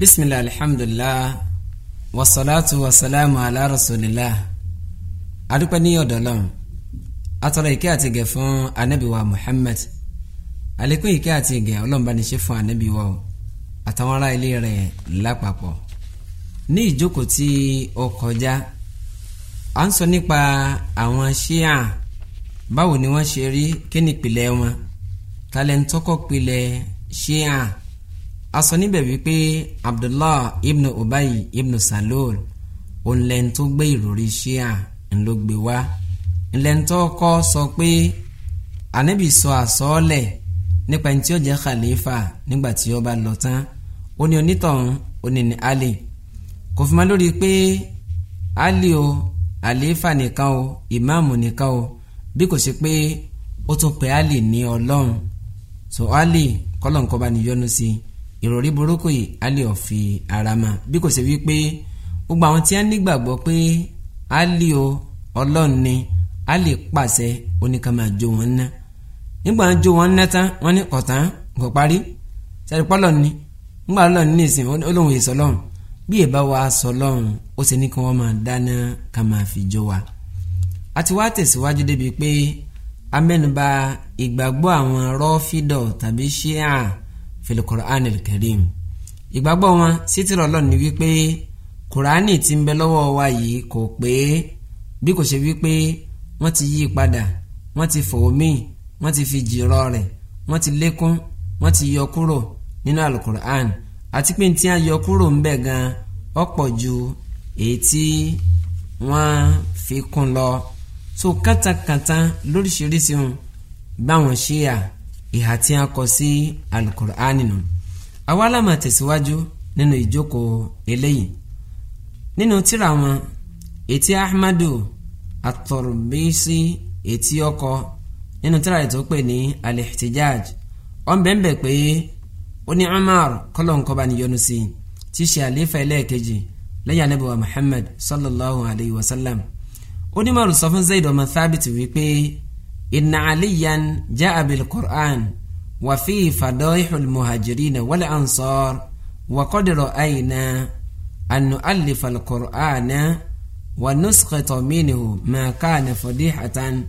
bisimilahi alhamdulilah wasalaatu wasalaamu ala rasulillah adúpẹ́ ní ọ̀dọ̀ Ọlọ́run atọrọ ìkẹ́ àti ìgẹ̀ fún ànábì wa Muhammad àlékún ìkẹ́ àti ìgẹ̀ Ọlọ́run bá ní ṣe fún ànábì wa o àtàwọn ará ilé rẹ̀ lápapọ̀ ní ìjókòó tí ó kọjá à ń sọ nípa àwọn ṣíà báwo ni wọ́n ṣe rí kí ni ìpìlẹ̀ wọn talẹ̀ ń tọ́kọ̀ pilẹ̀ ṣíà a sọ níbẹ̀ wípé abdullah ibn ubay ibn salul ònlẹ́ni tó gbé ìròrí ṣíà ńlọ gbé wá ńlẹ́ni tó kọ́ sọ pé anabi sọ àsọ́ọ́lẹ̀ nípa ẹni tí ó jẹ́ khalifa nígbà tí ó bá lọ tán ó ní onítọ̀hún ó ní ní ali kò fi máa lórí pé ali o àlééfà nìkan o ìmáàmù nìkan o bí kò ṣe pé ó tún pè ali ní ọlọ́run so ali kọ́lọ́nkọ́ bá níyọ́nú sí i ìròrí burúkú yìí á lè ọ̀fi ara mà bí kò ṣe wípé gbogbo àwọn tí wọ́n nígbàgbọ́ pé á lè o ọlọ́run ni á lè pàṣẹ oníkan máa jó wọn ná nígbà wọn jó wọn ná tán wọn ní kọ̀tán kò parí sẹ́ni pọ́lọ̀ ni nígbà ọlọ́run ní ìsìn olóhùn èso ọlọ́run bí èbá wa sọ ọlọ́run ó ṣe ní kí wọ́n máa dáná ká máa fi jó wa a ti wá tẹ̀síwájú débi pé amẹ́nubà ìgbàgbọ́ àwọn rọ́fídọ̀ tàbí ṣíà fil Qur'anil Karim ìgbàgbọ́ wọn sítìrọ̀ ọlọ́run ni wípé kùránì tí ń bẹ lọ́wọ́ wa yìí kò pé bí kò ṣe wípé wọ́n ti yí padà wọ́n ti fò mí wọ́n ti fi jìrọ̀ rẹ̀ wọ́n ti lékún wọ́n ti yọ kúrò nínú alukur'an àti pé tí a yọ kúrò ń bẹ gan ọ̀pọ̀ ju èyí tí wọ́n fi kún lọ so kátàkátà lóríṣiríṣi báwọn ṣíà ìhà tí a kọ sí alukur'ani nù àwa la máa tẹ̀síwájú nínú ìjókòó eléyìí nínú tírà wọn etí ahmadu atọrọbísí etí ọkọ nínú tírà rẹ̀ tó pè ní alihtijaj wọn bẹ́ẹ̀ bẹ́ẹ̀ pé ó ní umar kọlọ́nkọ́ba níyọnu sí tí ṣe àlééfà ẹlẹ́ẹ̀kejì lẹ́yìn anábìwá muhammad sallallahu alayhi wa sallam ó ní maru sọ fún zayd ọmọ thabit wípé inna aliyan jaa bilqur'an wa fi fadaihul muhajirina wal ansar wa qad ra'ayna an nu'allifa alqur'ana wa nusqita minhu ma kana fadihatan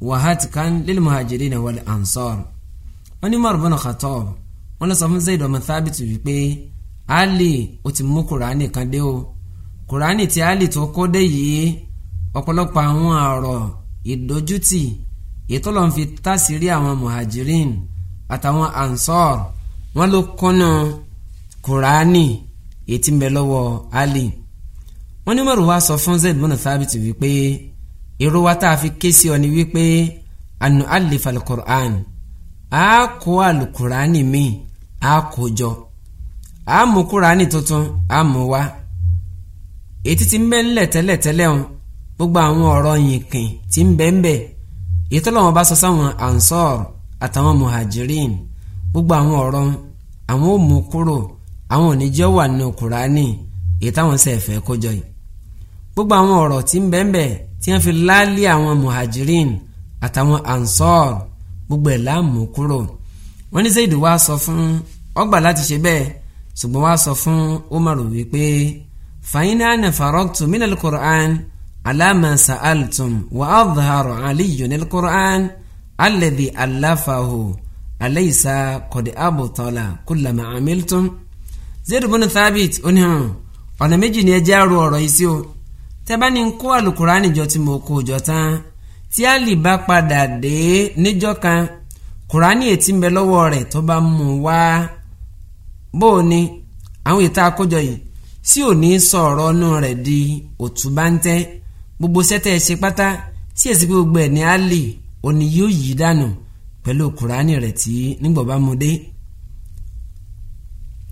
wa hatkan lil muhajirina wal ansar wọ́n ní Umar bin Khattab wọ́n lọ sọ fún Zaid ọmọ Thabit wípé Ali ó ti mú Kùránì kan dé o Kùránì tí Ali tó kó dé yìí ọ̀pọ̀lọpọ̀ àwọn àrọ̀ ìdójútì ètò lọ́n fi tásìrí àwọn muhajirin àtàwọn ansor wọn ló kọ́nà kùránì ètí ń bẹ lọ́wọ́ ali wọn ní mọ̀rọ̀ wá sọ fún zayd mọ́nà sábìtì wípé èrò wa tá a fi ké sí ọ ni wípé anu alifa alukur'an a kó alukur'ani mi a kó jọ a mú kur'ani tuntun a mú wá ètí ti ń bẹ ńlẹ̀ tẹ́lẹ̀tẹ́lẹ̀ o gbogbo àwọn ọ̀rọ̀ yìnkìn ti ń bẹ ń bẹ èyí tó lọ́wọ́ bá sọ sáwọn ansor àtàwọn muhajirin gbogbo àwọn ọ̀rọ̀ àwọn ò mú kúrò àwọn oníjọ́ wà nínú kùránì èyí táwọn sẹ̀ fẹ́ kójọ yìí gbogbo àwọn ọ̀rọ̀ tí ń bẹ́ẹ̀nbẹ́ tí wọ́n fi láálí àwọn muhajirin àtàwọn ansor gbogbo ẹ̀ láàmú kúrò wọ́n ní sẹ́yìn wá sọ fún ọgbà láti ṣe bẹ́ẹ̀ ṣùgbọ́n wá sọ fún Umaru wípé fàyínà nàfàrọ́tù mínàlì kùránì alama sa'altum wa adharu aliyun alqur'an alladhi alafahu alaysa qad abtala kulla ma amiltum. zayd bin thabit oníhàn ọ̀nà méjì ni ẹ jẹ́ àrò ọ̀rọ̀ yìí sí o tẹ́bá ní kó alukurani jọ tí mo kó jọ tán tí àlì bá padà dé níjọ́ kan kurani ètí ń bẹ lọ́wọ́ rẹ̀ tó bá mú un wá bó o ní àwọn ìta àkójọ yìí sí òní sọ̀rọ̀ ọ̀nù rẹ̀ gbogbo sẹ́tẹ̀ ṣe pátá tí èsì pé gbogbo ẹ̀ ní Ali òní yóò yí dànù pẹ̀lú kùránì rẹ̀ tí nígbà bá mu dé.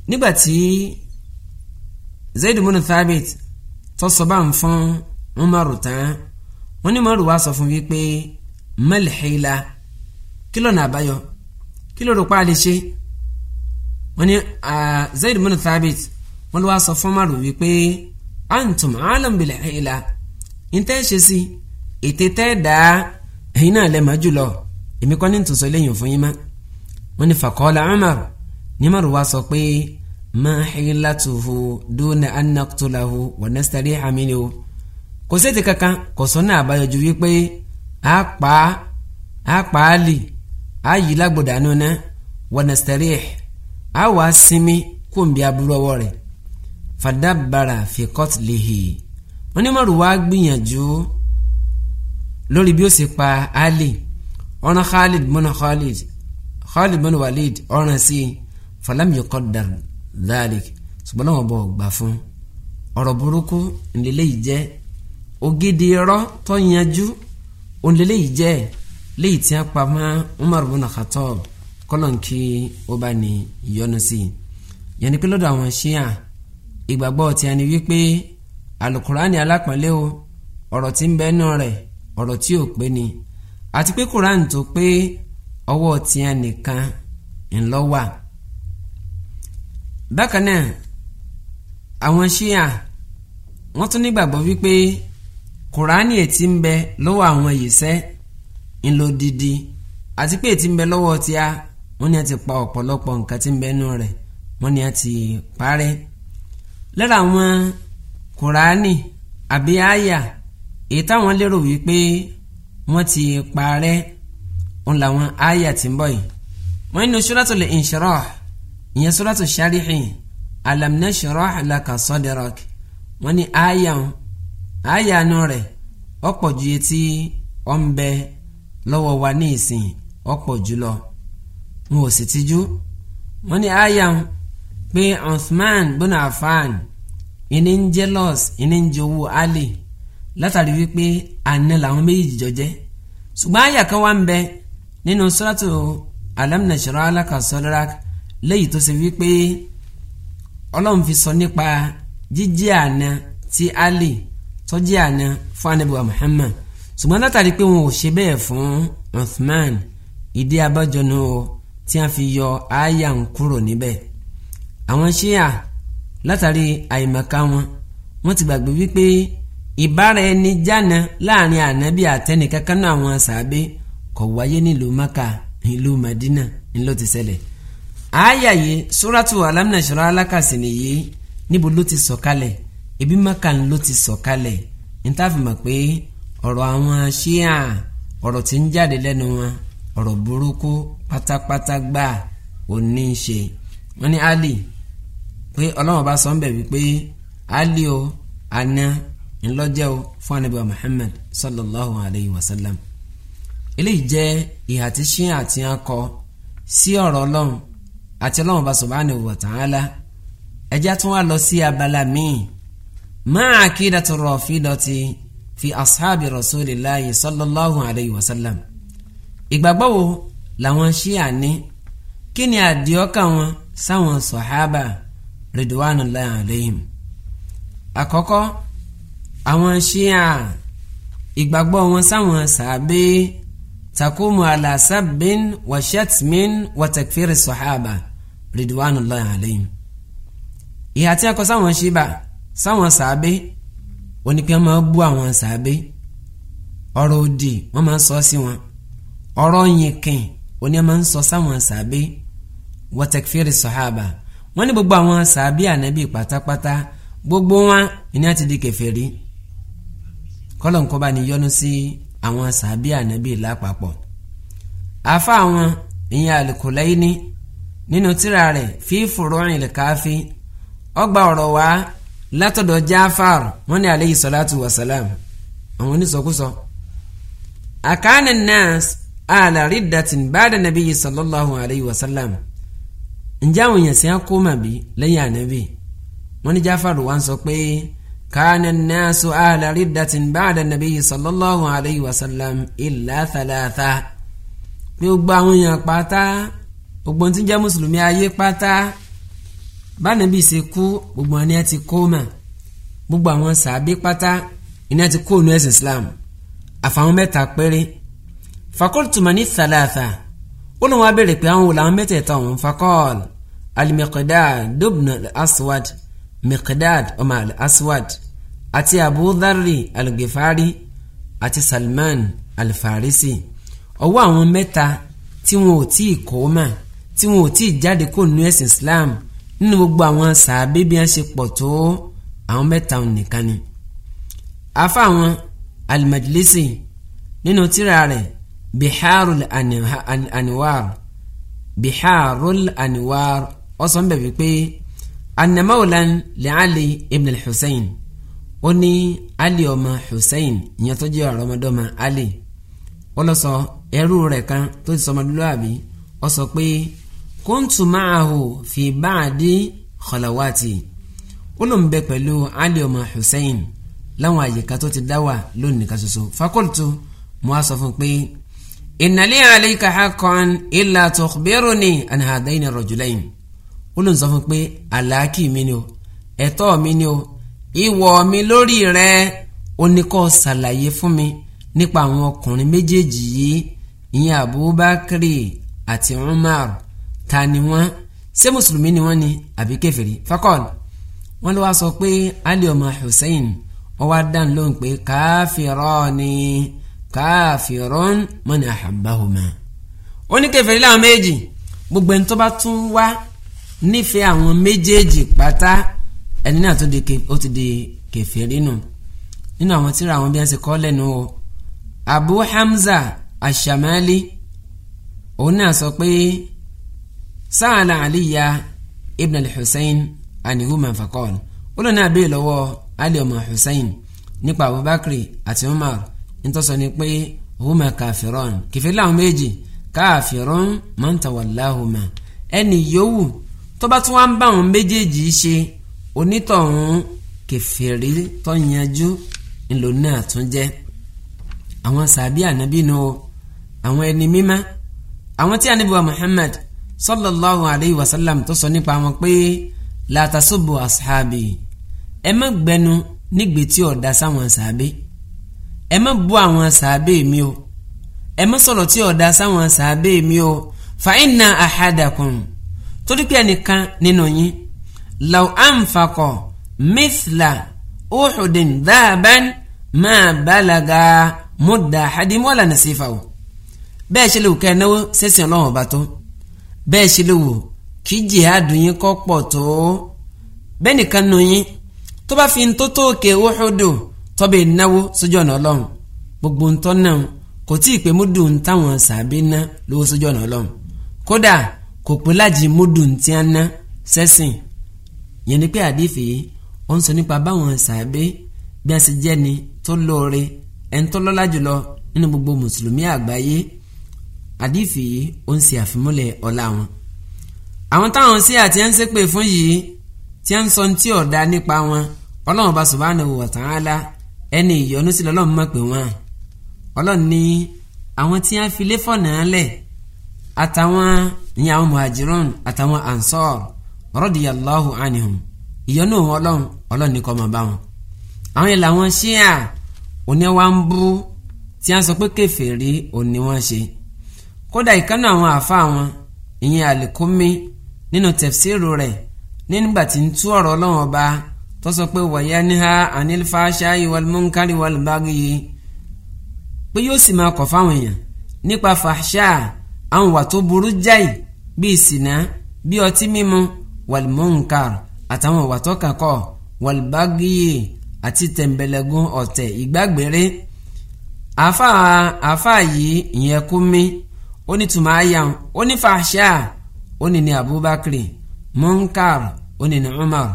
nígbà tí Zaid ibn Thabit tó sọ bá ń fún Umaru tán wọ́n ní Umaru wá sọ fún mi pé mẹ́lìhìlá kí lọ́nà àbáyọ kí ló rò pa àlè ṣe wọ́n ní Zaid ibn Thabit wọ́n ló wá sọ fún Umaru wípé antum alam bil hila ntẹ́ ṣe sí ètè tẹ́ dá ẹ̀yin náà lẹ́ẹ̀ máa jùlọ èmi kọ́ ní ntòsọ lẹ́yìn fún yín má wọ́n ní fàkọ́lá Umar ní Umar wá sọ pé máa hilatuhu dúnà anaktulahu wà nẹ́sítárì hàmínú kò sí ètè kankan kò sọ náà àbáyọjú wípé a pa a pa á lì a yí lágbòdà nùnà wà nẹ́sítárì a wà sinmi kó aburú ọwọ́ rẹ̀ fàdábàrà fi kọ́tìlì wọ́n ní Umaru wá gbìyànjú lórí bí ó ṣe pa Ali ọ̀nà Khalid mọ́nà Khalid Khalid mọ́nà Walid ọ̀ràn sí falam yuqaddar dhalik ṣùgbọ́n náà wọ́n bọ̀ gbà fún ọ̀rọ̀ burúkú ńlẹ́lẹ́ yìí jẹ́ ògidì irọ́ tó yanjú òǹlẹ́lẹ́ yìí jẹ́ léyìí tí a pa mọ́ Umaru mọ́nà Khattab kọ́lọ̀ǹkì ó bá ní ìyọnu sí i pé lọ́dọ̀ àwọn ṣíà ìgbàgbọ́ tí a wípé alukurani alápọ̀nlé o ọ̀rọ̀ tí ń bẹ nù rẹ̀ ọ̀rọ̀ tí ò pé ni àti pé kuran tó pé ọwọ́ tiẹ̀ nìkan ńlọ wà. bákan náà àwọn ṣíà wọ́n tún nígbàgbọ́ wípé kurani ètí ń bẹ lọ́wọ́ àwọn yìíṣẹ́ ńlọ dídí àti pé ètí ń bẹ lọ́wọ́ tíá wọ́n ní a ti pa ọ̀pọ̀lọpọ̀ nǹkan tí ń bẹ nù rẹ̀ wọ́n ní a ti parẹ́ lára àwọn kùránì àbí àyà èyí táwọn lérò wípé wọ́n ti parẹ́ òun làwọn àyà ti ń bọ̀ yìí wọ́n nínú suratul Inshirah ìyẹn suratul Sharihi alam nashrah laka sadrak wọ́n ní àyà àyà nu rẹ̀ ọ̀pọ̀ ju etí ọ̀ ń bẹ lọ́wọ́ wa ní ìsìn ọ̀pọ̀ jùlọ wọn ò sì tijú wọ́n ní àyà pé Uthman bin ìní ń jẹ́ lọ́s ìní ń jẹ owó alẹ́ látàrí wípé àná làwọn méjì jọ jẹ́ ṣùgbọ́n àyà kan wá ń bẹ nínú suratu alam nashrah laka sadrak léyìí tó ṣe wípé ọlọ́run fi sọ nípa jíjẹ́ àná ti ali tó jẹ́ àná fún anabiwa Muhammad ṣùgbọ́n látàrí pé wọn ò ṣe bẹ́ẹ̀ fún Uthman ìdí abájọ náà tí a fi yọ àyà ń kúrò níbẹ̀ àwọn ṣíà látàrí àìmọ̀ká wọn wọ́n ti gbàgbé wípé ìbára ẹni jána láàrin ànábì àtẹnìkan kan náà àwọn sàábé kò wáyé nílùú maka ìlú madina ńlọ ti ṣẹlẹ̀ àáyàyè suratu alam nashrah laka sì nìyí níbo ló ti sọ̀kalẹ̀ ebi maka ló ti sọ̀kalẹ̀ nítàfimọ̀ pé ọ̀rọ̀ àwọn ṣíà ọ̀rọ̀ tí ń jáde lẹ́nu wọn ọ̀rọ̀ burúkú pátápátá gbà ò ní ṣe wọ́n ní ali pé ọlọ́run bá sọ ń bẹ̀ wípé ali o ana ńlọ́jẹ́ o fún anabi muhammad sallallahu alayhi wa sallam eléyìí jẹ́ ìhà tí ṣí àti akọ sí ọ̀rọ̀ ọlọ́run àti ọlọ́run bá subhanahu wa ta'ala ẹjẹ́ tún wá lọ sí abala míì máa akidatu rafidati fi ashabi rasulillahi sallallahu alayhi wa sallam ìgbàgbọ́ wo làwọn ṣí àní kí ni àdìọ́kà wọn sáwọn sọ̀hábà. So ridwanullahi alayhim àkọ́kọ́ àwọn ṣíà ìgbàgbọ́ wọn sáwọn sàbẹ takumu ala sabbin wa shatmin wa takfiri sahaba ridwanullahi alayhim ìhà tí a kọ sáwọn ṣíbà sáwọn sàbẹ wọ́n ní pé wọ́n máa bú àwọn sàbẹ ọ̀rọ̀ òdì wọ́n máa sọ sí wọn ọ̀rọ̀ yìnkìn wọ́n ní wọ́n máa sọ sáwọn sàbẹ wa sahaba wọ́n ní gbogbo àwọn sàábì ànábì pátápátá gbogbo wọn ni a ti di kèfèrí kọ́lọ̀nkọ́ba ni yọ́nú sí àwọn sàábì ànábì lápapọ̀ afa àwọn ìyẹn Al-Kulayni nínú tírà rẹ̀ fi Furu'il Kafi ọgbà ọ̀rọ̀ wá látọ̀dọ̀ Jaafar wọ́n ní aleyhi salatu wa salam àwọn onísọkúsọ akana nas ala riddatin ba'da nabiyyi sallallahu alayhi wa sallam ǹjẹ́ àwọn èèyàn sì ń kó mà bí lẹ́yìn ànábì wọ́n ní jáfàrò wá ń sọ pé káàní nẹ́ẹ̀sù àlàrí dàtìn báàdà nàbí sallallahu alayhi wa sallam illa thalatha pé gbogbo àwọn èèyàn pátá gbogbo tí ń jẹ́ mùsùlùmí ayé pátá bánàbí ṣe kú gbogbo wọn ni ẹ ti kó mà gbogbo àwọn sàábé pátá ni ẹ ti kó ònú ẹ̀sìn Islam àfàwọn mẹ́ta péré fakọ́lùtùmọ̀ ní thalatha ó lóun wá béèrè pé àwọn wò làwọn mẹ́tẹ̀ẹ̀ta òun fakọ́ọ̀lù al-Miqdad ibn al-Aswad Miqdad ọmọ al-Aswad àti Abu Dharri al-Ghifari àti Salman al-Farisi ọwọ́ àwọn mẹ́ta tí wọn ò tí ì kó mà tí wọn ò tí ì jáde kó nu ẹ̀sìn Islam nínú gbogbo àwọn sàábé bí wọn ṣe pọ̀ tó àwọn mẹ́ta òun nìkan ni. afa àwọn al nínú tírà rẹ̀ Biharul Anwar Biharul Anwar ó sọ níbẹ̀ wípé anamawulan li ali ibn al-Husayn ó ní ali ọmọ Husayn ìyẹn tó jẹ́ ọ̀rọ̀mọdọ́mọ ali ó lọ sọ ẹrú rẹ̀ kan tó ti sọmọdúnlọ́àbí ó sọ pé kuntu ma'ahu fi ba'di khalawati ó lóun bẹ pẹ̀lú ali ọmọ Husayn láwọn àyíká tó ti dá wà lónìí kan ṣoṣo fakultu mo á sọ fún un pé innali alayka haqqan illa tukhbiruni an hadaini rajulayn ó ló ń sọ fún un pé àlàákì mi ni o ẹ̀tọ́ mi ni o ìwọ̀ mi lórí rẹ ó ṣàlàyé fún mi nípa àwọn ọkùnrin méjèèjì yìí ìyẹn Abubakar àti Umar ta ni wọ́n ṣé mùsùlùmí ni wọ́n ni àbí kèfèrí fakọ́l wọ́n ló wá sọ pé Ali ọmọ Hussein ó wá dán lóhùn pé káfírọ́ọ̀nì káfírọ́ọ̀n mọ́ni àhàbáhùmá ó ní kèfèrí láwọn méjì gbogbo ẹni tó bá tún wá nífẹ̀ẹ́ àwọn méjèèjì pátá ẹni náà tó ti di kèfèrí nù nínú àwọn tíra àwọn bí wọ́n ṣe kọ́ lẹ́nu o Abu Hamza Ashamali òun náà sọ pé sáàlà Aliya ibn al-Hussein anihuma fakọ́ọ̀lù ó lọ́nà àbẹ́yẹ lọ́wọ́ Ali ọmọ Hussein nípa Abubakar àti Umar nítòsọ ni pé huma kàfíràn kèfèrí làwọn méjì kàfíràn man tawallahuma ẹni yòówù tó bá tún wá ń bá àwọn méjèèjì ṣe onítọ̀hún kẹfìrí tó yanjú ńlò náà tún jẹ́ àwọn sàbí ànábì o àwọn ẹni mímá àwọn tí ànábì Muhammad sallallahu alayhi wa sallam tó sọ nípa wọn pé látàṣubù ashabi ẹ má gbẹnu nígbè tí ọ̀dà sáwọn sàbí ẹ má bú àwọn sàbí mi o ẹ má sọ̀rọ̀ tí ọ̀dà sáwọn sàbí mi o fa inna ahadakum torí pé ẹnìkan nínú yín law anfaqa mithla uhudin dhaban máa balaga mudda ahadim wala nasifa o bẹ́ẹ̀ ṣe lè wò ká ẹ náwó sẹ́sìn ọlọ́run ọba tó bẹ́ẹ̀ ṣe lè wò kí jihadu yín kọ́ pọ̀ tó bẹ́ẹ̀ nìkan nù yín tó bá fi ń tó tóòkè Uhudu tọ́bẹ̀ náwó sójú ọ̀nà ọlọ́run gbogbo ń tọ́ náà kò tí ì pé múdù ń táwọn sàbí ná lówó sójú ọ̀nà ọlọ́run kódà kò pé lájì múdùn tí a ná sẹ́sìn yẹn ni pé àdìfẹ́ ó ń sọ nípa báwọn sàábé bí a ṣe jẹ́ ni tó lóore ẹni tó lọ́lá jùlọ nínú gbogbo mùsùlùmí àgbáyé àdìfẹ́ ó ń ṣe àfimúlẹ̀ ọlá wọn. àwọn táwọn sí àti ẹ̀ ń ṣépè fún yìí tí a ń sọ tí ọ̀dà nípa wọn ọlọ́run bá subhanahu wa ta'ala ẹni ìyọ́nú sí lọ́lọ́run mọ̀ pé wọ́n ọlọ́run ní àwọn tí a fi lé fọ̀nà lẹ̀ àtàwọn ní àwọn muhajirun àtàwọn ansor radiyallahu anhum ìyọ́nú wọn ọlọ́run ọlọ́run ní kọ́ máa bá wọn. àwọn yẹn làwọn ṣíà òní wa ń bú tí a sọ pé kèfèrí òní wọn ṣe kódà ìkànnì àwọn àfa wọn ìyẹn àlìkúnmí nínú tẹ̀fsíìrù rẹ̀ nígbà tí ń tú ọ̀rọ̀ ọlọ́run ọba tó sọ pé wọ̀nyẹ́ níhà anilfáṣá ìwọlmúnkárìwọlbági pé yóò sì máa kọ̀ fáwọn èèyàn nípa fàṣáà àwọn wà tó burú jáì bíi sìnà bíi ọtí mímu wàlmọ́nkàr àtàwọn wà tó kàkọ́ wàlbágìyè àti tẹ̀m̀bẹ̀lẹ̀gùn ọ̀tẹ̀ ìgbàgbére àfa àfa yìí ìyẹn kú mi ó ní tùmọ̀ àyà ó ní fàṣà ó ní ní Abubakar munkar ó ní ní Umar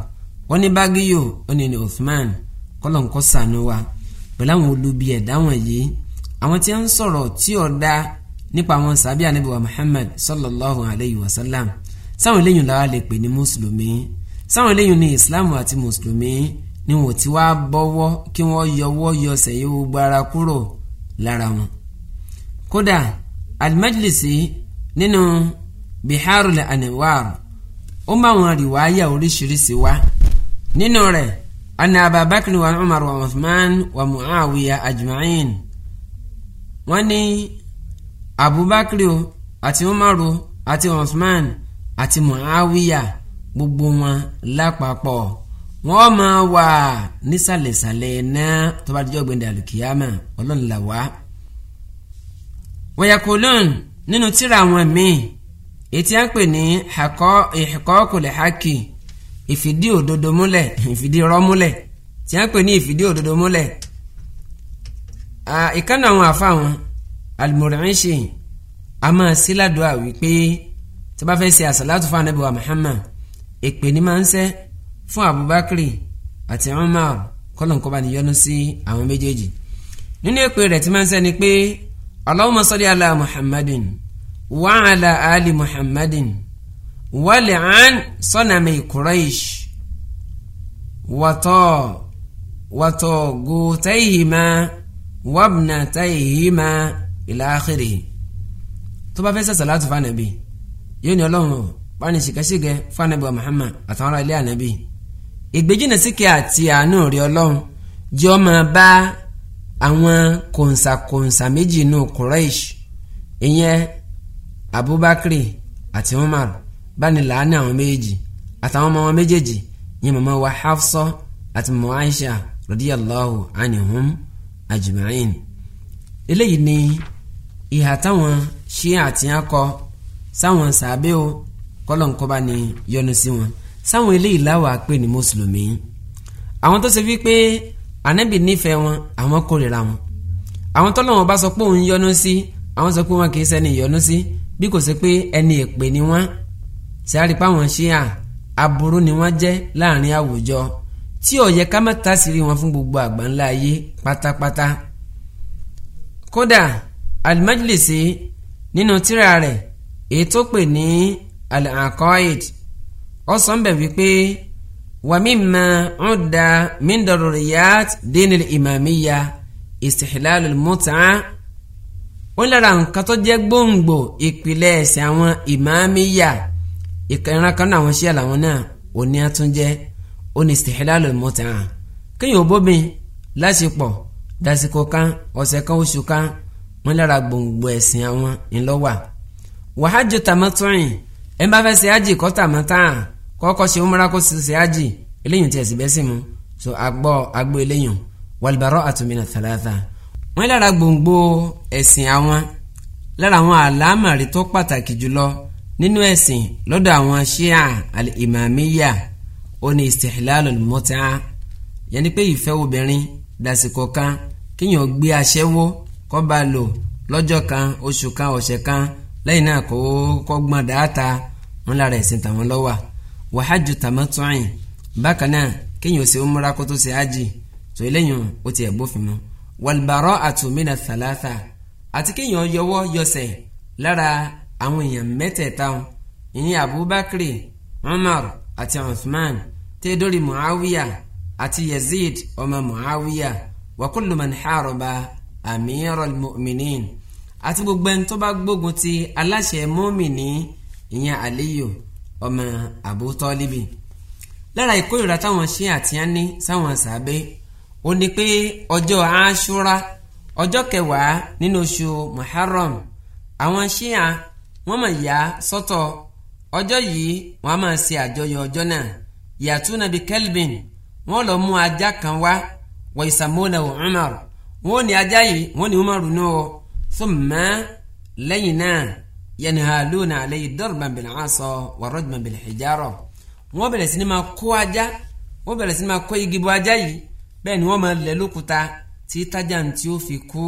ó ní bagiyo ó ní ní Uthman kọ́lọ̀ sànú wa pẹ̀lú àwọn olubi ẹ̀dá wọ̀nyí àwọn tí wọ́n ń sọ̀rọ̀ tí ọ̀dà nípa àwọn sàbí ànábì wa Muhammad sallallahu alayhi wa sallam sáwọn eléyìí làwa lè pè ní mùsùlùmí sáwọn eléyìí ní ìsìláàmù àti mùsùlùmí ni wọn ti wá bọ́wọ́ kí wọ́n yọwọ́ yọsẹ̀ yìí gbogbo ara kúrò lára wọn. kódà alimajlisi nínú biharul anwar ó máa wọn rìwáyà oríṣiríṣi wá nínú rẹ̀ ana ababakar wa umar wa uthman wa muawiya ajma'in wọ́n ní abubakar o àti umaru àti usman àti muawiya gbogbo wọn lápapọ̀ wọ́n máa wà nísàlẹ̀sàlẹ̀ náà tó bá dijọ́ gbẹ̀ndẹ̀ àlùkìyàmà ọlọ́run là wá. wọ̀yàkùlùn nínú tíra àwọn míì ètí à ń pè ní ìkọ́kùlẹ̀ hákì ìfìdí òdodo múlẹ̀ ìfìdí irọ́ múlẹ̀ tí à ń pè ní ìfìdí òdodo múlẹ̀ ìkànnì àwọn àfa wọn alimọ̀rẹ́ṣe a máa sí ládùúà wípé tí a bá fẹ́ ṣe àsàlátù fún Ànábì wa Muhammad èpè ní máa ń sẹ́ fún Abubakar àti Umar kọ́lọ̀nkọ́ bá ní yọ́nú sí àwọn méjèèjì nínú èpè rẹ̀ tí máa ń sẹ́ ni pé Allahumma salli ala Muhammadin wa ala ali Muhammadin wa li'an sanami Quraysh wàtọ́ wàtọ́ gòtẹ́yìí máa ìlà àkèrè tó bá fẹ́ ṣe sàlátù fànàbì yóò ní ọlọ́run o báni ṣìkẹ́ṣìkẹ́ fànàbì wa Muhammad àtàwọn ará ilé ànàbì ìgbéjìnà síkẹ́ àti àánú rí ọlọ́run jẹ́ ọmọ bá àwọn kòǹsàkòǹsà méjì inú Quraysh ìyẹn Abubakar àti Umar báni làánà àwọn méjèèjì àtàwọn ọmọ wọn méjèèjì yẹn màmá wa Hafsa àti mọ Aisha radiyallahu anihum ajma'in eléyìí ni ìhà táwọn ṣíà tí wọ́n kọ sáwọn sàbẹ́ o kọ́lọ́nkọ́ba ni yọ́nú sí wọn sáwọn eléyìí láwàá pè ní mùsùlùmí àwọn tó ṣe wípé ànábì nífẹ̀ẹ́ wọn àwọn kórìíra wọn àwọn tọ́lọ́wọ́n bá sọ pé òun yọ́nú sí àwọn sọ pé wọn kì í ṣẹni yọ́nú sí bí kò ṣe pé ẹni èpè ni wọ́n sáré páwọn ṣíà aburú ni wọ́n jẹ́ láàrin àwùjọ tí ó ká má tàsírí wọn fún gbogbo àgbáńlá ayé pátápátá kódà al-Majlisi nínú tírà rẹ̀ èyí tó pè ní al-Aqaid ó sọ ń bẹ̀ wípé wa mimma udda min daruriyat dinil imamiyya istihlalul mut'a ó lára nǹkan tó jẹ́ gbòǹgbò ìpìlẹ̀ ẹ̀sìn àwọn ìmáàmíyà ìkànnì náà àwọn ṣíà làwọn náà ò ní àtúnjẹ́ ó ní istihlalul mut'a kéèyàn ó láṣepọ̀ dásìkò kan ọ̀sẹ̀ kan oṣù kan wọn lára gbòǹgbò ẹ̀sìn àwọn ńlọ́wà. wàhájú tàmọ́tòrìn ẹ bá fẹ́ ṣe ájì kọ́ tàmọ́tà kọ́kọ́ ṣe umra kó ṣe ájì eléyìí tiẹ̀ sì bẹ́ sí mu so agbọ́ agbó eléyìí wàlùbárọ́ àtúmínà tàlàtà. wọn lára gbòǹgbò ẹ̀sìn àwọn lára àwọn àlámàrí tó pàtàkì jùlọ nínú ẹ̀sìn lọ́dọ̀ àwọn ṣíà al-imamiyya ó ní istihlalul mut'a yẹn ni pé ìfẹ́ obìnrin dàsìkò kan kéèyàn gbé aṣẹ́wó kọ́ bá lò lọ́jọ́ kan oṣù kan ọ̀sẹ̀ kan lẹ́yìn náà kó kọ́gbọ́n dáàta wọn lára ẹ̀sìn tàwọn lọ́wà wàhájú tàmọ́tọ́yìn bákan náà kéèyàn ṣe umra kó tó ṣe ájì tó eléyìn ó ti ẹ̀gbófin mu wàlbàrọ̀ àtúmínà thalatha àti kéèyàn yọwọ́ yọsẹ̀ lára àwọn èèyàn mẹ́tẹ̀ẹ̀ta wọn ìyẹn Abubakar Umar àti Uthman tẹ́ẹ̀dọ́rì Muawiya àti Yazid ọmọ Muawiya wa kullu man al mu'minin àti gbogbo ẹni tó bá gbógun ti aláṣẹ mọ́mìnì ìyẹn Aliyu ọmọ Abu Tọ́líbì lára ìkórìíra táwọn ṣe àtìyàn ní sáwọn sàbẹ́ ó ní pé ọjọ́ Ashura ọjọ́ kẹwàá nínú oṣù Muharram àwọn ṣíà wọ́n máa yà sọ́tọ̀ ọjọ́ yìí wọ́n á máa ṣe àjọyọ̀ ọjọ́ náà yàtúnàbí kelvin wọ́n lọ mú ajá kan wá wọ ìsàmúnà Umar wọn ò ní ajá yìí wọn ò ní umaru náà summa lẹ́yìn náà yanhaluna alayhi darban bil asa wa rajman bil hijara wọn bẹ̀rẹ̀ sí ni máa kó ajá wọn bẹ̀rẹ̀ sí ni máa kó igi bo ajá yìí bẹ́ẹ̀ ni wọ́n máa lẹ̀ lókúta tí tájà tí ó fi kú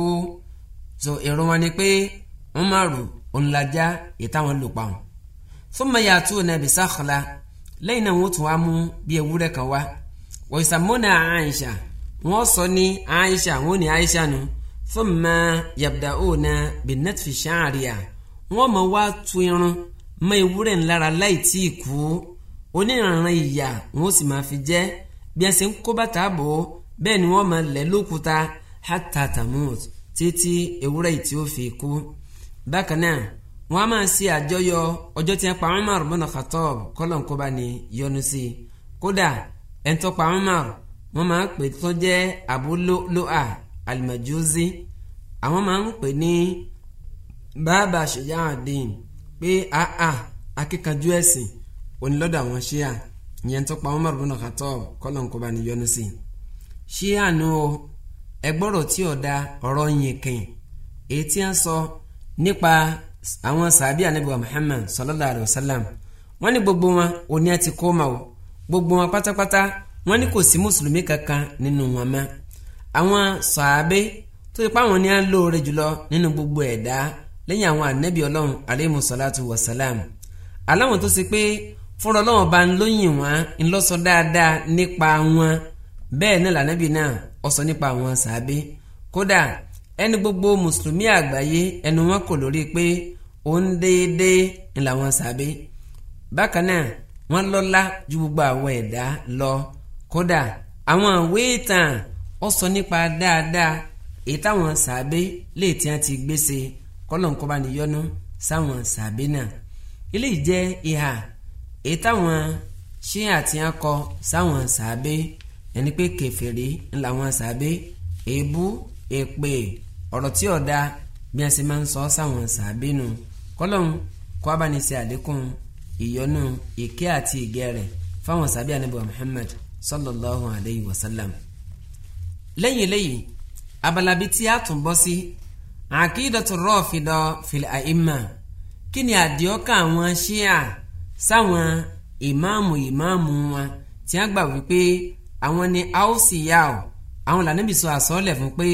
so èrò wọn ni pé umaru ònlajá ìtàwọn lò pa wọn summa ya'tuna bi sakhla lẹ́yìn náà wọ́n tún wá mú bí ewúrẹ́ kan wá wa yusammuna Aisha wọ́n sọ ní Aisha wọ́n ní Aisha nu thumma yabda'una binnatfi sha'riha wọ́n mọ̀ wá tu irun mọ ewúrẹ́ ńlára láì tí ì kú oníranran ìyà wọ́n sì máa fi jẹ́ bí ẹsẹ̀ ń kó bàtà bò ó bẹ́ẹ̀ ni wọ́n máa lẹ̀ lókúta hatta tamut títí ewúrẹ́ yìí tí ó fi kú bákan náà wọ́n á máa ṣe àjọyọ̀ ọjọ́ tí wọ́n pa Umar ibn Khattab kọ́lọ̀ ń kó bá ní yọ́nú sí i kódà ẹ̀ńtọ́ pa Umar wọ́n máa ń pè tó jẹ́ abúlóà alimajuzi àwọn máa ń pè ní bàbá Shuja'uddin pé àà akíkanjú ẹ̀sìn onílọ́dọ̀ àwọn ṣíà ìyẹn tó pa Umar ibn Khattab kọ́lọ́nkọ́ba níyọnu sí i ṣíà nu o ẹgbọ́rọ̀ tí ọ̀dà ọ̀rọ̀ yìí kìn èyí tí a sọ nípa àwọn sàbí anabiwa Muhammad sallallahu alayhi wọ́n ní gbogbo wọn òní ẹ ti kó ma o gbogbo wọn pátápátá wọ́n ní kò sí mùsùlùmí kankan nínú wọn mọ́ àwọn sàábé tó ipá wọn ní à ń lóore jùlọ nínú gbogbo ẹ̀dá lẹ́yìn àwọn ànábì ọlọ́run alayhi salatu wa salam aláwọn tó ṣe pé fúnra ọlọ́run bá ń lóyìn wọn ń lọ sọ dáadáa nípa wọn bẹ́ẹ̀ náà lànábì náà ó sọ nípa àwọn sàábé kódà ẹni gbogbo mùsùlùmí àgbáyé ẹnu wọn kò lórí pé òun déédéé ń làwọn sàábé bákan náà wọ́n lọ́lá ju gbogbo àwọn ẹ̀dá lọ. Lo kódà àwọn ìwé ìtàn ó sọ nípa dáadáa èyí táwọn sàbẹ léè tí wọn ti gbèsè kọlọńkọba níyọnu sáwọn sàbẹ náà ilé ìjẹ ìhà èyí táwọn ṣíà tí wọn kọ sáwọn sàbẹ ẹni pé kẹfìrí ńlá wọn sàbẹ èébú èpè ọ̀rọ̀ tí ọ̀dà bí a ṣe máa ń sọ sáwọn sàbẹ nù kọlọ́hún kó abánisẹ́ àdínkù ìyọnu ìkẹ́ àti ìgẹ́ fáwọn sàbẹ ànábì Muhammad sallallahu alayhi wa sallam. lẹ́yìn lẹ́yìn abalabi tí a tún bọ́ sí àkídọ̀tún rọ́ọ̀fìdọ̀ fìlà ìmà kí ni àdìọ́kà àwọn ṣíà sáwọn ìmáàmù ìmáàmù wọn tí a gbà wípé àwọn ni aosi yao àwọn làníbi sọ àsọ́ọ̀lẹ̀ fún pé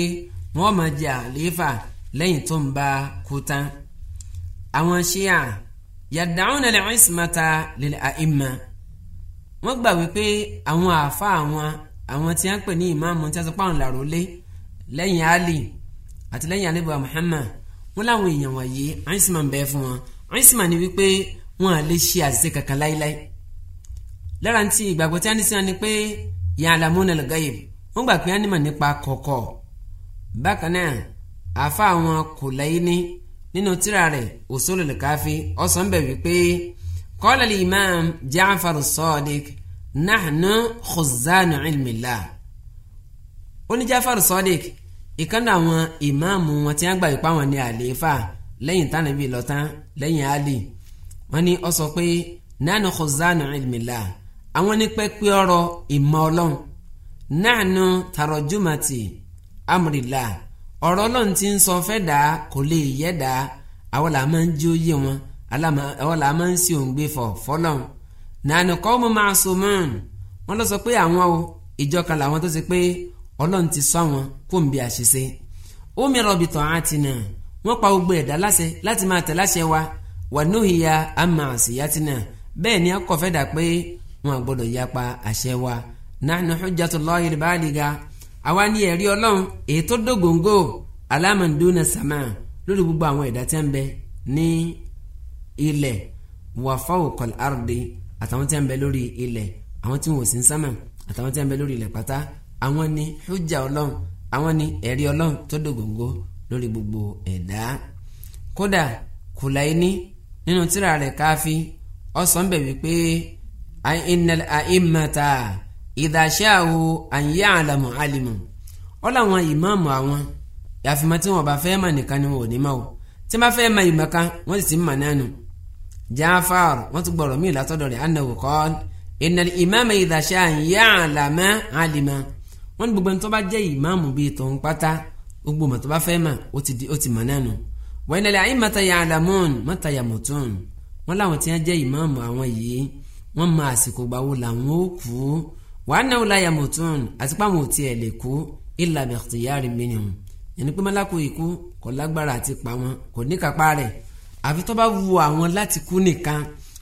wọ́n máa jẹ àlééfà lẹ́yìn tó ń bá kú tán àwọn ṣíà yàdáhùn lẹ́lẹ́ ìsìmọ́ta lil a'imma wọ́n gbà wípé àwọn àáfà àwọn àwọn tí wọ́n pè ní ìmáàmù tí wọ́n sọ pé àwọn làró lé lẹ́yìn Ali àti lẹ́yìn alebo Muhammad wọ́n láwọn èèyàn wọ̀nyí àìsàn bẹ́ẹ̀ fún wọn àìsàn ni wípé wọn à lè ṣe àṣìṣe kankan láíláí lára ti ìgbàgbọ́ tí wọ́n ní sí wọn ni pé ya'lamuna al-ghaib wọ́n gbà pé wọ́n nípa kọ̀kọ̀ bákan náà àáfà àwọn Kulaini nínú tírà rẹ̀ Usulul Kafi ó sọ bẹ̀ wípé قال الإمام جعفر الصادق نحن خزان علم الله oní Jafar Sadiq ìkànnì àwọn ìmáàmù wọn tí wọn gbà wípé àwọn ní àlééfà lẹ́yìn tánàbí lọtán lẹ́yìn Ali wọn ni ó sọ pé nánú khuzanu ilmillah àwọn ní pẹpẹ ọ̀rọ̀ ìmọ̀ Ọlọ́run nánú tarọjúmàtì amrillah ọ̀rọ̀ Ọlọ́run tí ń sọ fẹ́ kò lè yẹ àwọn làá máa ń jó yé wọn Alama máa ń sí òun gbé fọ̀ fọlọ́n nàánú kọ́ mo máa so mọ́ọ̀n wọ́n lọ sọ pé àwọn o ìjọ kan làwọn tó ṣe pé ọlọ́run ti sọ àwọn kó ń bí àṣìṣe ó mi rọ̀bì tàn án ti nà wọ́n pa gbogbo ẹ̀dá láṣẹ láti máa tẹ̀ láṣẹ wa wà nóhìyà àmà àṣìyá ti nà bẹ́ẹ̀ ni akọ̀fẹ́ dà pé wọn à gbọ́dọ̀ yapa àṣẹ wa nàánú hujjatullahi baliga àwa ni ẹ̀rí ọlọ́run èyí tó dógóńgó alámàndúnà sàmà lórí gbogbo àwọn ẹ̀dá tí ń bẹ ní ilẹ̀ wàfáwò kọ̀lì àrùdè àtàwọn tí a ń bẹ lórí ilẹ̀ àwọn tí wọn ò sí ń sámà àtàwọn tí a ń bẹ lórí ilẹ̀ pátá àwọn ni hujja ọlọ́run àwọn ni ẹ̀rí ọlọ́run tó dògóńgó lórí gbogbo ẹ̀dá. kódà Kulaini nínú tírà rẹ̀ káfí ọ̀sán bẹ̀ wípé innal a'immata idha sha'u an ya'lamu alimu ó láwọn ìmáàmù àwọn àfihàn tí wọn bá fẹ́ mọ̀ nìkan ni wọn ò ní mọ̀ tí wọn bá fẹ́ mọ̀ ìmọ̀ kan wọ́n sì ti mọ̀ náà nù jaafar wọ́n tún gbọ́rọ̀ míì látọ̀dọ̀ rẹ̀ annahu qala innal imama idha sha'a ya'lama alima wọ́n ní gbogbo ẹni tó bá jẹ́ ìmáàmù bíi tòun pátá gbogbo mọ̀ tó bá fẹ́ mà ó ti di ó ti mọ̀ náà nù wa innal a'immata ya'lamun mata yamutun wọ́n láwọn tí wọ́n jẹ́ ìmáàmù àwọn yìí wọ́n mọ àsìkò gbàwó làwọn ó kú wa annahu la yamutun àti pàmò tiẹ̀ lè kú illa bi ikhtiyari minhum yẹn ni pé mọ́lákùn ikú kò lágbára àti pàwọn kò ní kápá rẹ̀ àfi tó bá wu àwọn láti kú nìkan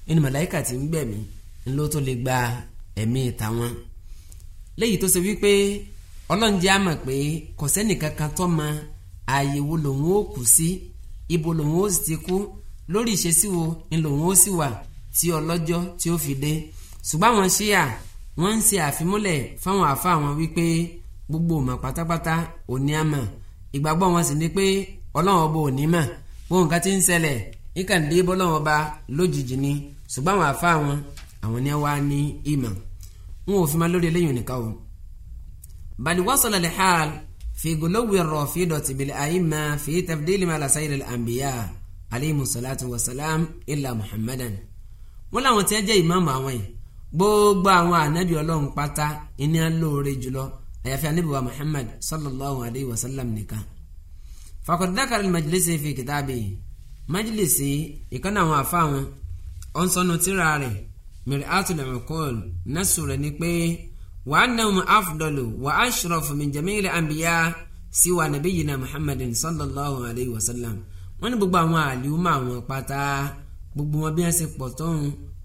ẹni màláìkà tí ń gbẹ̀mí ńlọ tó lè gba ẹ̀mí tàwọn léyìí tó ṣe wípé ọlọ́njẹ́ àmọ̀ pé kò sẹ́nìkankan tó mọ ààyè wo lòun ó kù sí ibo lòun ó sì ti kú lórí ìṣesí wo ni lòun ó sì wà tí ọlọ́jọ́ tí ó fi dé ṣùgbọ́n àwọn ṣíà wọ́n ń ṣe àfimúlẹ̀ fáwọn àfa àwọn wípé gbogbo ọmọ pátápátá òní àmọ̀ ìgbàgbọ́ wọn sì ni pé ọlọ́run ọba òní mà bóun ká ti ń ṣẹlẹ̀ ìkàndé bọ́lọ́wọ́n ba lójijì ni ṣùgbọ́n àwọn àfa wọn àwọn ni wá ní ìmọ̀ wọn ò fi máa lórí eléyìí nìkan o. bal wasala al-hal fi guluwi ar-rafidati bil a'imma fi tabdili ma la sayril anbiya alayhi salatu wa salam illa muhammadan. wọn làwọn tí wọn jẹ́ ìmáàmù àwọn yìí gbogbo àwọn ànábì ọlọ́run pátá ìní à ń lóore jùlọ àyàfi ànábì wa muhammad sallallahu alayhi wa sallam nìkan. faqad dhakara al-majlisi fi kitabihi májèlèsè ìkànnì àwọn àfa wọn ọ̀nsọ́nù tíra rẹ̀ mẹ̀rẹ̀ àtúndàmẹ́kọ́ọ̀lù násù rẹ̀ ni pé wà á nàmú afdọ́lù wà á ṣọ̀rọ̀fù min jamil anbiya sí wa nabiyyina muhammadin sallallahu alayhi wa sallam wọ́n ní gbogbo àwọn àlùmọ́ àwọn pátá gbogbo wọn bí wọ́n ṣe pọ̀ tóun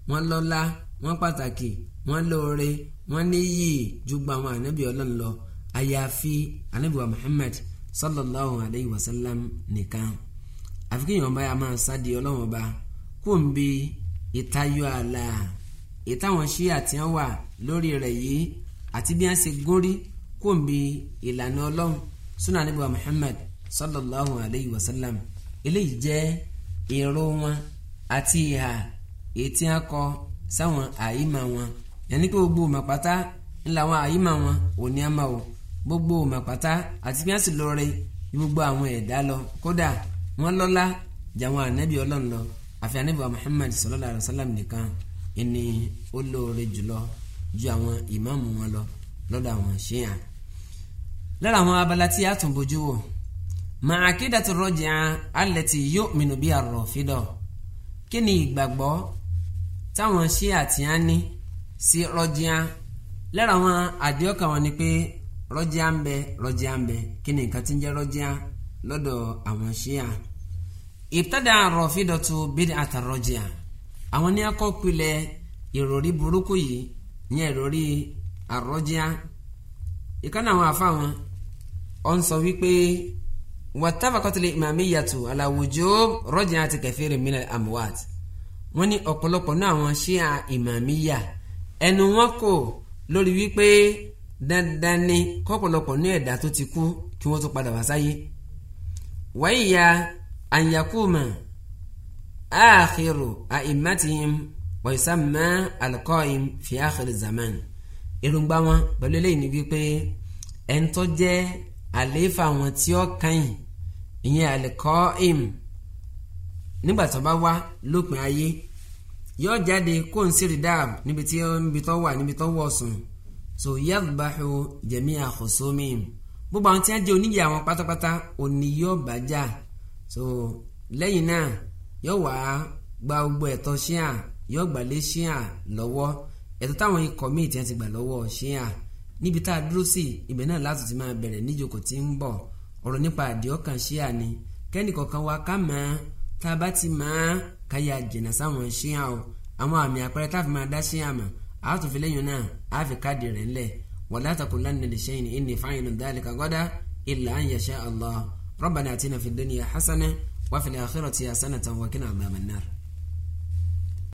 wọ́n lọ́lá wọ́n pàtàkì wọ́n lóore wọ́n níyì ju gbogbo àwọn ànábì ọlọ́run lọ àyàfi ànábì wa muhammad sallallahu alayhi wa sallam nìkan àfi kéèyàn báyà máa sáde ọlọ́run ọba kó ń bi ìtayọ ààlà ìtàwọn ṣí àtìyàn wà lórí rẹ̀ yìí àti bí wọ́n ṣe górí kó ń bi ìlànà ọlọ́run sunna níbo Muhammad sallallahu alayhi wa sallam eléyìí jẹ́ èrò wọn àti ìhà ètí akọ sáwọn àyímà wọn yẹnni pé gbogbo màpátá ńlá wọn àyímà wọn ò ní àmà o gbogbo màpátá àti bí wọ́n sì lọ rẹ gbogbo àwọn ẹ̀dá lọ kódà wọ́n lọ́lá jàwọn ànábì ọlọ́run lọ àfi ànábì Muhammad sallallahu alaihi wa sallam nìkan ẹni ó lóore jùlọ ju àwọn ìmáàmù wọn lọ lọ́dọ̀ àwọn ṣíyàn. lára àwọn abala tí a tún bójú wò mà àkídàtú rọ́jà allati yu'minu biha ar-rafida kí ni ìgbàgbọ́ táwọn ṣíyà tí a ní sí rọ́jà lára àwọn àdéhùkà wọn ni pé rọ́jà ń bẹ rọ́jà ń bẹ kí ni nǹkan tí ń jẹ́ rọ́jà lọ́dọ̀ àwọn ṣíyà ìbítàdà àròfídọ̀tù bídà àtàrọ̀jìà àwọn ní akọ́pilẹ̀ ìròrí burúkú yìí ní ìròrí àrọ̀jìà ìkànnì àwọn afáwọn ọ̀n sọ wípé wàtàfàkọ́tìlẹ̀ ìmàmíyàtù aláwùjọ rọ́jìà àti kẹfẹ́rẹ̀ mílẹ̀ amuwaat wọ́n ní ọ̀pọ̀lọpọ̀ náà àwọn ṣíà ìmàmíyà ẹnu wọn kò lórí wípé dandan ni kọ́pọ̀lọpọ̀ ní ẹ̀dá tó ti kú kí wọ́n tó padà wá sáyé wáyé ya an yakuma aakhiru aimatihim waisama alqaim fi akhiri zaman èròǹgbà wọn pẹ̀lú eléyìí ni wípé ẹni tó jẹ́ àlééfà wọn tí ó kàn ìyẹn alqaim nígbà tó bá wá lópin ayé yóò jáde kó n sírì dáàbò níbi tí níbi tó wà níbi tó wọ̀ sùn so yadbahu jami'a khusumim gbogbo àwọn tí wọ́n jẹ́ oníyàwó pátápátá òní yóò bá jà so lẹ́yìn náà yóò wá gba gbogbo ẹ̀tọ́ ṣíà yóò gbà lé ṣíà lọ́wọ́ ẹ̀tọ́ táwọn ikọ̀ míì tí wọ́n ti gbà lọ́wọ́ ṣíà níbi tá a dúró sí ibẹ̀ náà láti ti máa bẹ̀rẹ̀ níjókòó tí ń bọ̀ ọ̀rọ̀ nípa àdìọ́kàn ṣíà ni kẹ́nìkọ̀ọ̀kan wa ká máa tá a bá ti máa káyà jìnnà sáwọn ṣíà o àwọn àmì àpẹẹrẹ tá a fi máa dá ṣíà mọ̀ àtúnfi lẹ́yìn náà á fi káàdì rẹ̀ ńlẹ̀ wala taqulanna li shay'in inni fa'ilun dhalika ghadan illa an yasha Allah ربنا آتنا في الدنيا حسنة وفي الآخرة حسنة وقنا عذاب النار